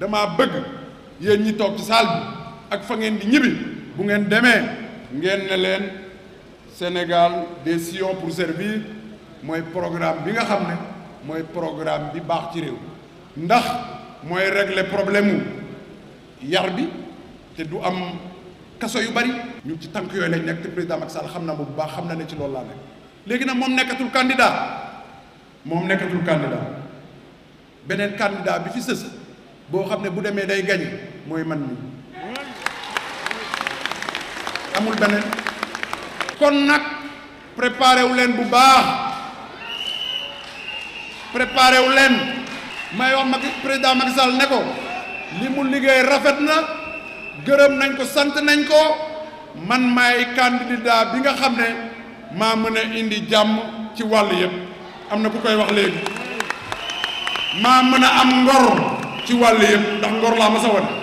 dama bëgg yéen ñi toog ci saal bi ak fa ngeen di ñibbi bu ngeen demee ngeen ne leen Sénégal des sillons pour servir mooy programme bi nga xam ne mooy programme bi baax ci réew ndax mooy régler problème mu yar bi te du am kaso yu bari ñu ci tànk yooyu lañ nekk te président Macky Sall xam na bu baax xam na ne ci loolu laa nekk léegi nag moom nekkatul candidat moom nekkatul candidat beneen candidat bi fi sës boo xam ne bu demee day gañe mooy man mi amul beneen kon nag préparé wu leen bu baax préparé wu leen may wax Macky président Macky Sall ne ko li mu liggéey rafet na gërëm nañ ko sant nañ ko man maay candidat bi nga xam ne maa mën a indi jàmm ci wàll yëpp am na ku koy wax léegi maa mën a am ngor ci wàll yëpp ndax ngor laa ma sa wan